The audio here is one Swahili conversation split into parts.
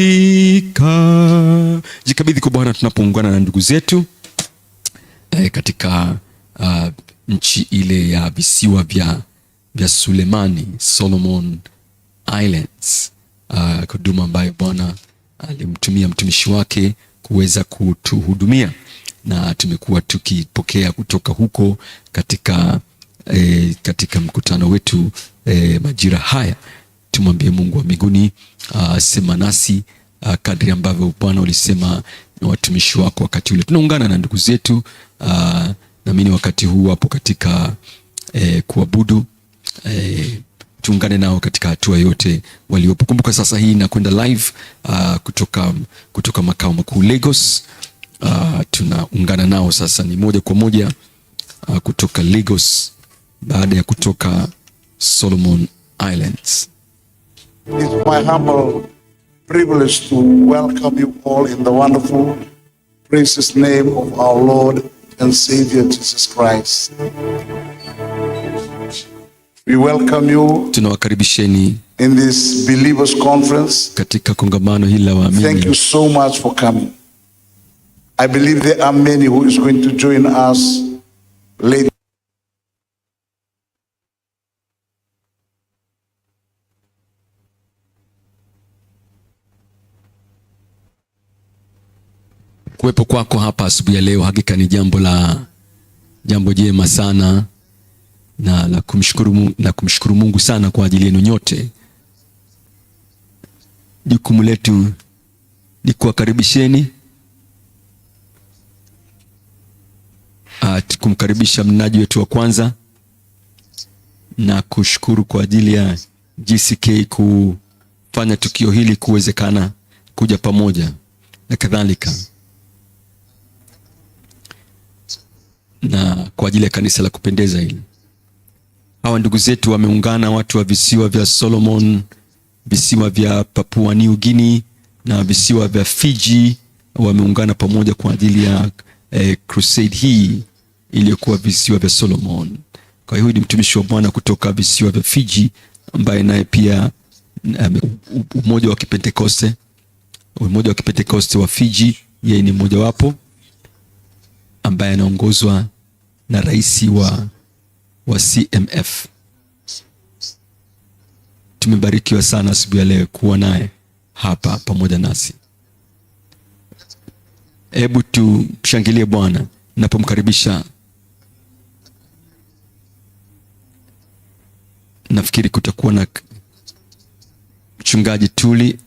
katika jikabidhi kwa Bwana tunapoungana na ndugu zetu e, katika uh, nchi ile ya visiwa vya vya Sulemani Solomon Islands uh, huduma ambayo Bwana alimtumia mtumishi wake kuweza kutuhudumia na tumekuwa tukipokea kutoka huko katika, e, katika mkutano wetu e, majira haya tumwambie Mungu wa mbinguni, ah, sema nasi ah, kadri ambavyo Bwana ulisema na watumishi wako wakati ule. Tunaungana na ndugu zetu ah, naamini wakati huu hapo katika e, kuabudu e, tuungane nao katika hatua yote waliopo. Kumbuka sasa hii inakwenda live uh, kutoka, kutoka makao makuu Lagos. Uh, tunaungana nao sasa, ni moja kwa moja uh, kutoka Lagos baada ya kutoka Solomon Islands. It's my humble privilege to welcome you all in the wonderful, precious name of our Lord and Savior Jesus Christ. We welcome you tunawakaribisheni in this believers conference. Katika kongamano hili la waamini. Thank you so much for coming. I believe there are many who is going to join us later. Kuwepo kwako hapa asubuhi ya leo hakika ni jambo la jambo jema sana na la kumshukuru, na kumshukuru Mungu sana kwa ajili yenu nyote. Jukumu letu ni kuwakaribisheni ah, kumkaribisha mnaji wetu wa kwanza na kushukuru kwa ajili ya gck kufanya tukio hili kuwezekana kuja pamoja na kadhalika. na kwa ajili ya kanisa la kupendeza hili. Hawa ndugu zetu wameungana, watu wa visiwa vya Solomon, visiwa vya Papua New Guinea na visiwa vya Fiji wameungana pamoja kwa ajili ya eh, crusade hii iliyokuwa visiwa vya Solomon. Kwa hiyo ni mtumishi wa Bwana kutoka visiwa vya Fiji ambaye naye pia um, umoja wa Kipentekoste, umoja wa Kipentekoste wa Fiji, yeye ni mmojawapo ambaye anaongozwa na rais wa, wa CMF. Tumebarikiwa sana asubuhi ya leo kuwa naye hapa pamoja nasi. Hebu tumshangilie Bwana napomkaribisha. Nafikiri kutakuwa na mchungaji tuli.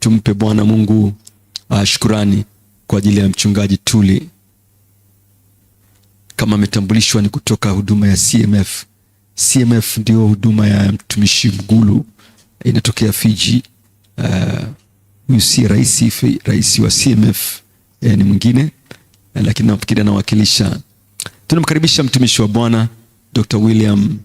Tumpe Bwana Mungu uh, shukurani kwa ajili ya mchungaji Tuli kama ametambulishwa ni kutoka huduma ya CMF. CMF ndio huduma ya mtumishi Mgulu, inatokea Fiji. Uh, huyu uh, si rais, raisi wa CMF eh, ni mwingine eh, lakini nafikiri anawakilisha. Tunamkaribisha mtumishi wa Bwana Dr. William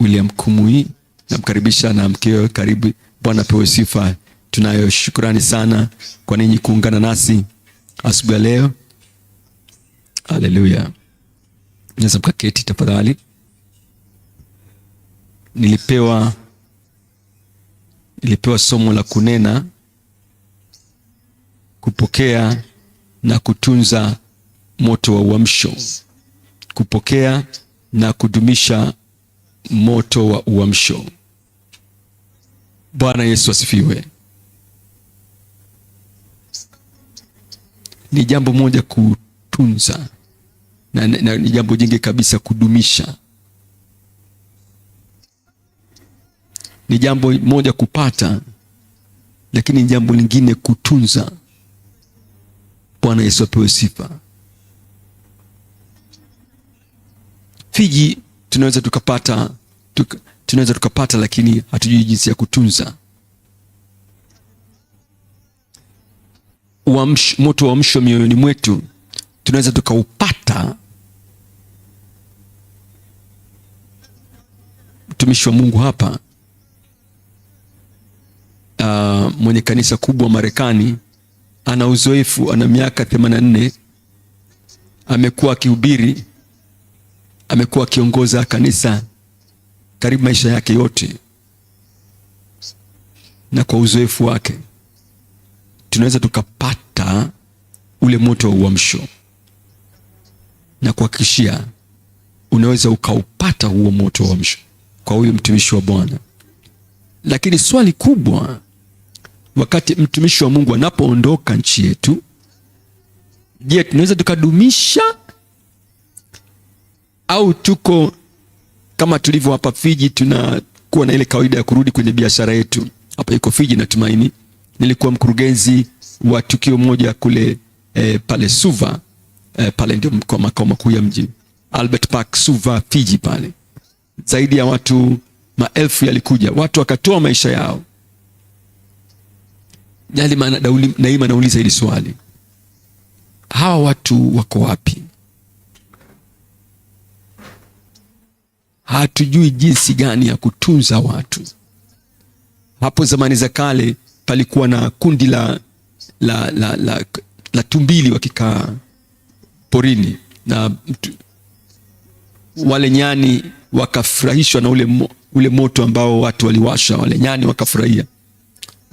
William Kumui, namkaribisha na mkeo. Karibu, Bwana pewe sifa. Tunayo shukrani sana kwa ninyi kuungana nasi asubuhi ya leo. Haleluya, naweza mkaketi tafadhali. Nilipewa nilipewa somo la kunena, kupokea na kutunza moto wa uamsho, kupokea na kudumisha moto wa uamsho. Bwana Yesu asifiwe. ni jambo moja kutunza na, na ni jambo jingi kabisa kudumisha. Ni jambo moja kupata, lakini ni jambo lingine kutunza. Bwana Yesu apewe sifa. Fiji tunaweza tukapata tuk, tunaweza tukapata, lakini hatujui jinsi ya kutunza. uamsh, moto wa msho mioyoni mwetu tunaweza tukaupata, mtumishi wa Mungu hapa uh, mwenye kanisa kubwa Marekani, ana uzoefu, ana miaka 84 amekuwa akihubiri, amekuwa akiongoza kanisa karibu maisha yake yote, na kwa uzoefu wake tunaweza tukapata ule moto wa uamsho, na kuhakikishia unaweza ukaupata huo moto wa uamsho kwa huyu mtumishi wa Bwana. Lakini swali kubwa, wakati mtumishi wa Mungu anapoondoka nchi yetu, je, tunaweza tukadumisha au tuko kama tulivyo hapa Fiji, tunakuwa na ile kawaida ya kurudi kwenye biashara yetu hapa. Iko Fiji natumaini nilikuwa mkurugenzi wa tukio moja kule eh, pale Suva eh, pale ndio makao makuu ya mji Albert Park Suva, Fiji pale, zaidi ya watu maelfu yalikuja, watu wakatoa maisha yao. Naima nauliza hili swali, hawa watu wako wapi? Hatujui jinsi gani ya kutunza watu. Hapo zamani za kale palikuwa na kundi la, la, la, la, la tumbili wakikaa porini na wale nyani wakafurahishwa na ule, ule moto ambao watu waliwasha. Wale nyani wakafurahia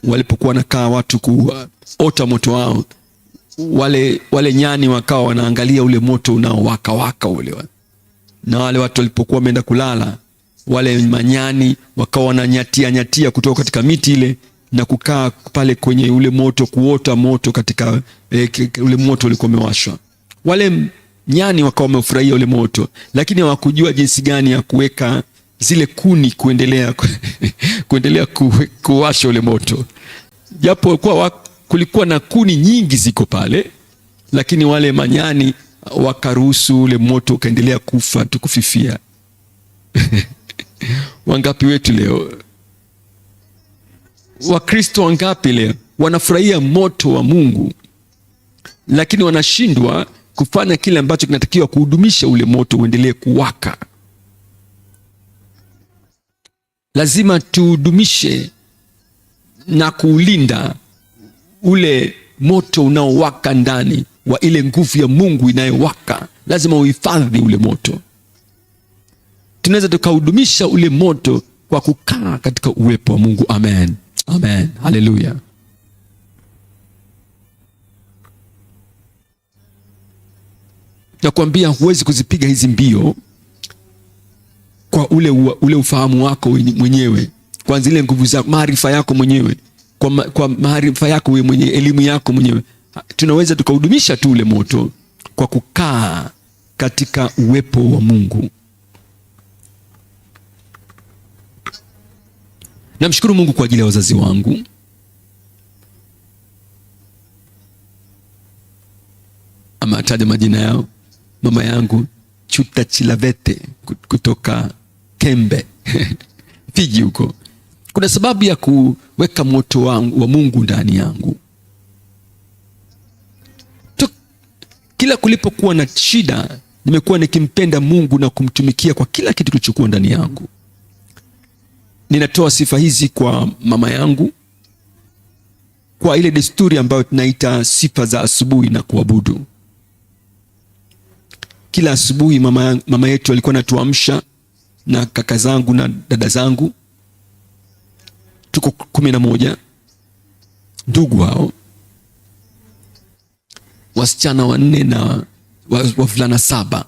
walipokuwa wanakaa watu kuota moto wao, wale, wale nyani wakawa wanaangalia ule moto unaowakawaka ule, na wale watu walipokuwa wameenda kulala, wale manyani wakawa wananyatia nyatia kutoka katika miti ile na kukaa pale kwenye ule moto, kuota moto katika e, ule moto ulikuwa umewashwa. Wale nyani wakawa wamefurahia ule moto, lakini hawakujua jinsi gani ya kuweka zile kuni kuendelea kuendelea kuwasha ule moto, japo kuwa kulikuwa na kuni nyingi ziko pale, lakini wale manyani wakaruhusu ule moto ukaendelea kufa tukufifia Wangapi wetu leo Wakristo wangapi leo wanafurahia moto wa Mungu, lakini wanashindwa kufanya kile ambacho kinatakiwa kuhudumisha ule moto uendelee kuwaka. Lazima tuhudumishe na kuulinda ule moto unaowaka ndani wa ile nguvu ya Mungu inayowaka. Lazima uhifadhi ule moto. Tunaweza tukahudumisha ule moto kwa kukaa katika uwepo wa Mungu. Amen. Amen. Alléluia. Nakwambia huwezi kuzipiga hizi mbio kwa ule, ule ufahamu wako mwenyewe, kwa zile nguvu zako, maarifa yako mwenyewe, kwa, ma, kwa maarifa yako wewe mwenyewe, elimu yako mwenyewe. Tunaweza tukahudumisha tu ule moto kwa kukaa katika uwepo wa Mungu. Namshukuru Mungu kwa ajili ya wazazi wangu. Ama ataja majina yao, mama yangu Chuta Chilavete kutoka kembe Fiji huko. Kuna sababu ya kuweka moto wangu, wa Mungu ndani yangu. Tuk, kila kulipokuwa na shida nimekuwa nikimpenda Mungu na kumtumikia kwa kila kitu kilichokuwa ndani yangu. Ninatoa sifa hizi kwa mama yangu kwa ile desturi ambayo tunaita sifa za asubuhi na kuabudu. Kila asubuhi mama, mama yetu alikuwa anatuamsha na kaka zangu na dada zangu, tuko kumi na moja ndugu hao, wasichana wanne na wavulana saba,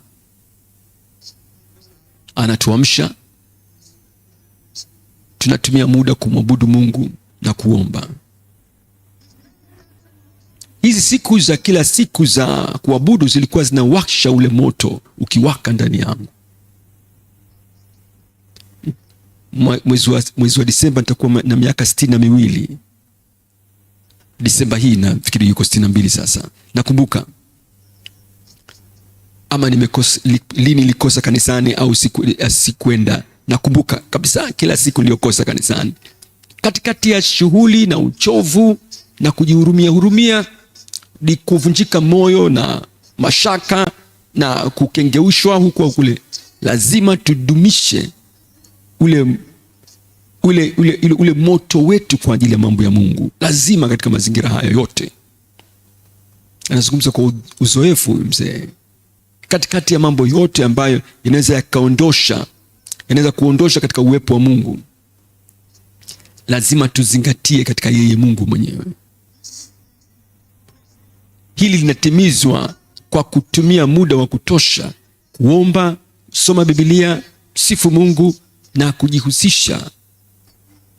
anatuamsha tunatumia muda kumwabudu Mungu na kuomba. Hizi siku za kila siku za kuabudu zilikuwa zinawasha ule moto ukiwaka ndani yangu. Mwezi wa, mwezi wa Disemba nitakuwa na miaka sitini na miwili Disemba hii nafikiri yuko sitini na mbili sasa. Nakumbuka ama nimekosa, li, lini nilikosa kanisani au siku, eh, Nakumbuka kabisa kila siku niliyokosa kanisani, katikati ya shughuli na uchovu na kujihurumia hurumia, ni kuvunjika moyo na mashaka na kukengeushwa huku au kule, lazima tudumishe ule ule, ule, ule, ule moto wetu kwa ajili ya mambo ya Mungu. Lazima katika mazingira hayo yote, anazungumza kwa uzoefu mzee, katikati ya mambo yote ambayo inaweza yakaondosha yanaweza kuondosha katika uwepo wa Mungu. Lazima tuzingatie katika yeye Mungu mwenyewe. Hili linatimizwa kwa kutumia muda wa kutosha kuomba, soma Biblia, sifu Mungu na kujihusisha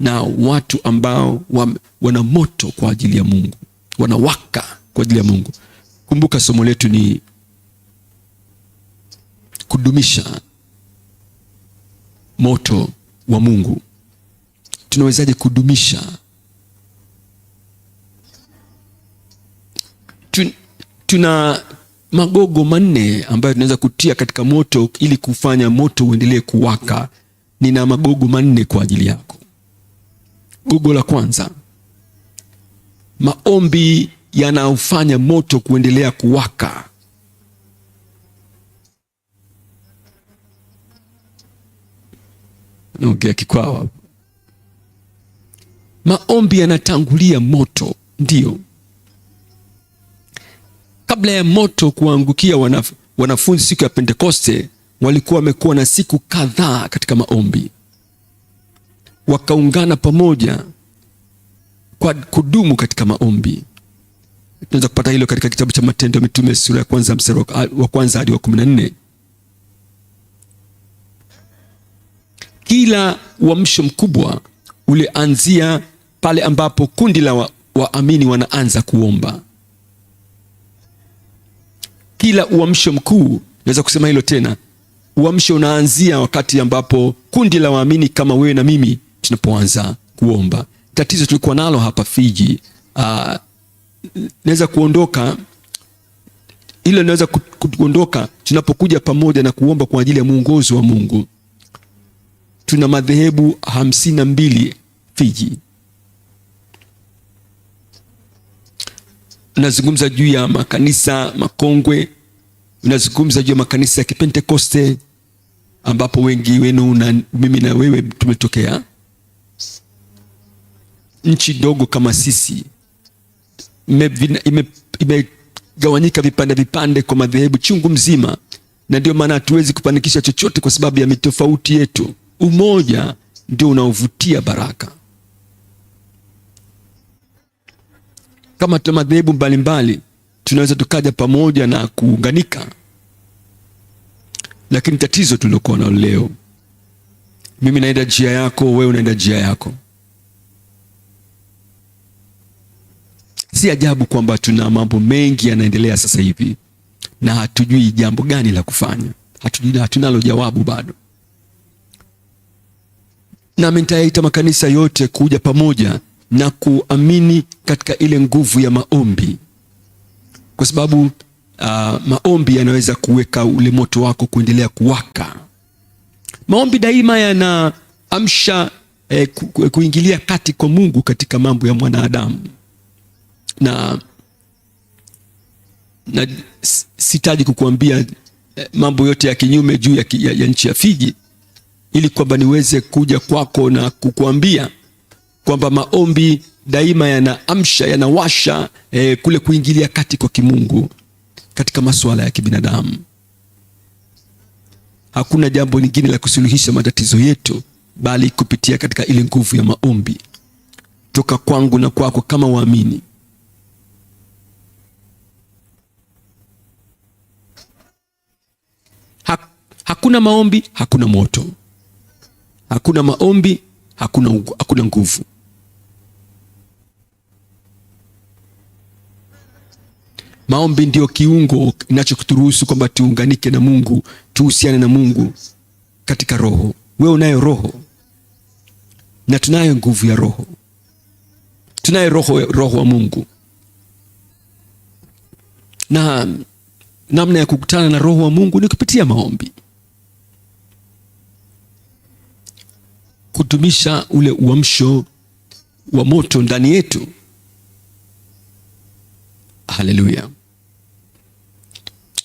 na watu ambao wana moto kwa ajili ya Mungu, wanawaka kwa ajili ya Mungu. Kumbuka somo letu ni kudumisha moto wa Mungu. Tunawezaje kudumisha Tun, tuna magogo manne ambayo tunaweza kutia katika moto ili kufanya moto uendelee kuwaka. Nina magogo manne kwa ajili yako. Gogo la kwanza, maombi yanayofanya moto kuendelea kuwaka. naongea kikwawa. Maombi yanatangulia moto, ndio kabla ya moto kuangukia wanaf wanafunzi siku ya Pentekoste walikuwa wamekuwa na siku kadhaa katika maombi, wakaungana pamoja kwa kudumu katika maombi. Tunaweza kupata hilo katika kitabu cha Matendo ya Mitume sura ya kwanza mstari wa kwanza hadi wa kumi na nne. Kila uamsho mkubwa ulianzia pale ambapo kundi la waamini wa wanaanza kuomba. Kila uamsho mkuu, naweza kusema hilo tena, uamsho unaanzia wakati ambapo kundi la waamini kama wewe na mimi tunapoanza kuomba. Tatizo tulikuwa nalo hapa Fiji, uh, naweza kuondoka hilo naweza kuondoka tunapokuja pamoja na kuomba kwa ajili ya mwongozo wa Mungu tuna madhehebu hamsini na mbili Fiji. Nazungumza juu ya makanisa makongwe, nazungumza juu ya makanisa ya Kipentekoste ambapo wengi wenu na mimi na wewe tumetokea. Nchi ndogo kama sisi imegawanyika vipande vipande kwa madhehebu chungu mzima, na ndio maana hatuwezi kufanikisha chochote kwa sababu ya mitofauti yetu umoja ndio unaovutia baraka. Kama tuna madhehebu mbalimbali, tunaweza tukaja pamoja na kuunganika, lakini tatizo tulilokuwa nalo leo, mimi naenda njia yako, wewe unaenda njia yako. Si ajabu kwamba tuna mambo mengi yanaendelea sasa hivi na hatujui jambo gani la kufanya, hatujui, hatunalo jawabu bado nami nitayaita makanisa yote kuja pamoja na kuamini katika ile nguvu ya maombi, kwa sababu uh, maombi yanaweza kuweka ule moto wako kuendelea kuwaka. Maombi daima yanaamsha eh, kuingilia kati kwa Mungu katika mambo ya mwanadamu na na sitaji kukuambia eh, mambo yote ya kinyume juu ya, ya, ya nchi ya Fiji ili kwamba niweze kuja kwako na kukuambia kwamba maombi daima yanaamsha yanawasha eh, kule kuingilia kati kwa kimungu katika masuala ya kibinadamu. Hakuna jambo lingine la kusuluhisha matatizo yetu bali kupitia katika ile nguvu ya maombi toka kwangu na kwako kama waamini. Hakuna maombi, hakuna moto hakuna maombi, hakuna, hakuna nguvu. Maombi ndio kiungo kinachokuruhusu kwamba tuunganike na Mungu, tuhusiane na Mungu katika roho. Wewe unayo roho na tunayo nguvu ya roho, tunayo roho, roho wa Mungu na namna ya kukutana na roho wa Mungu ni kupitia maombi. kutumisha ule uamsho wa moto ndani yetu. Haleluya,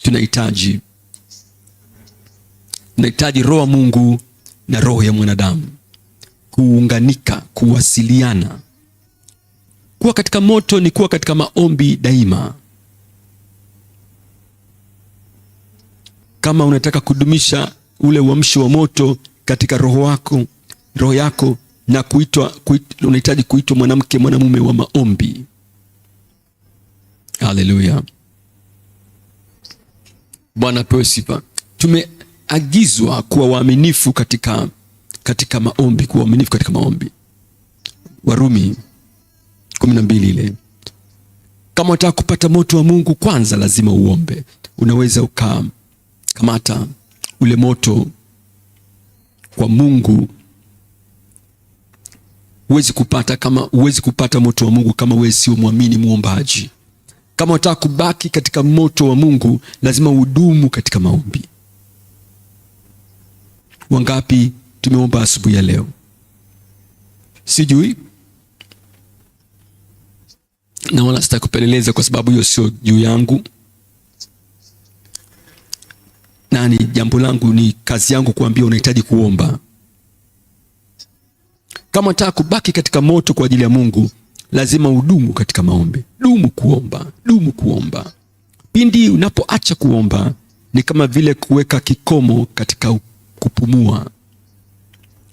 tunahitaji tunahitaji roho wa Mungu na roho ya mwanadamu kuunganika, kuwasiliana. Kuwa katika moto ni kuwa katika maombi daima. Kama unataka kudumisha ule uamsho wa moto katika roho wako roho yako na kuitwa, kuitwa, unahitaji kuitwa mwanamke mwanamume wa maombi. Haleluya, Bwana pewe sifa. Tumeagizwa kuwa waaminifu katika, katika maombi, kuwa waaminifu katika maombi. Warumi kumi na mbili ile kama unataka kupata moto wa Mungu kwanza lazima uombe. Unaweza ukakamata ule moto kwa Mungu huwezi kupata kama huwezi kupata moto wa Mungu kama wewe sio mwamini muombaji. Kama unataka kubaki katika moto wa Mungu, lazima udumu katika maombi. Wangapi tumeomba asubuhi ya leo? Sijui na wala sitakupeleleza kwa sababu hiyo sio juu yangu. Nani, jambo langu ni kazi yangu kuambia unahitaji kuomba. Kama unataka kubaki katika moto kwa ajili ya Mungu, lazima udumu katika maombi. Dumu kuomba, dumu kuomba. Pindi unapoacha kuomba, ni kama vile kuweka kikomo katika kupumua.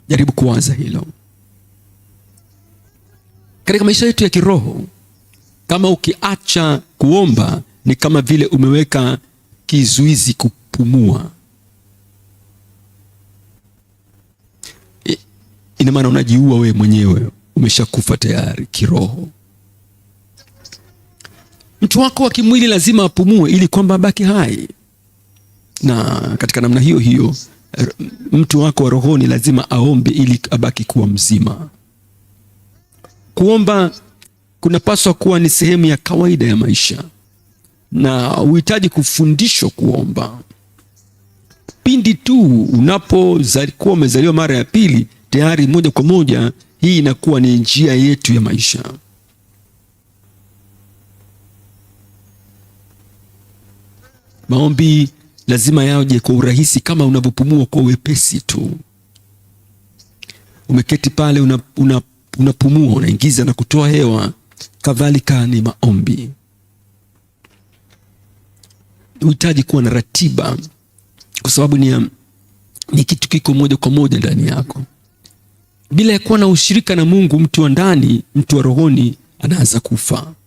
Jaribu kuwaza hilo katika maisha yetu ya kiroho. Kama ukiacha kuomba, ni kama vile umeweka kizuizi kupumua. ina maana unajiua wewe mwenyewe, umeshakufa tayari kiroho. Mtu wako wa kimwili lazima apumue ili kwamba abaki hai, na katika namna hiyo hiyo er, mtu wako wa rohoni lazima aombe ili abaki kuwa mzima. Kuomba kunapaswa kuwa ni sehemu ya kawaida ya maisha na uhitaji kufundishwa kuomba. Pindi tu unapokuwa umezaliwa mara ya pili, tayari moja kwa moja hii inakuwa ni njia yetu ya maisha. Maombi lazima yaje kwa urahisi kama unavyopumua kwa wepesi tu. Umeketi pale unapumua, una, una unaingiza na kutoa hewa, kadhalika ni maombi. Uhitaji kuwa na ratiba, kwa sababu ni, ni kitu kiko moja kwa moja ndani yako bila ya kuwa na ushirika na Mungu, mtu wa ndani, mtu wa rohoni anaanza kufa.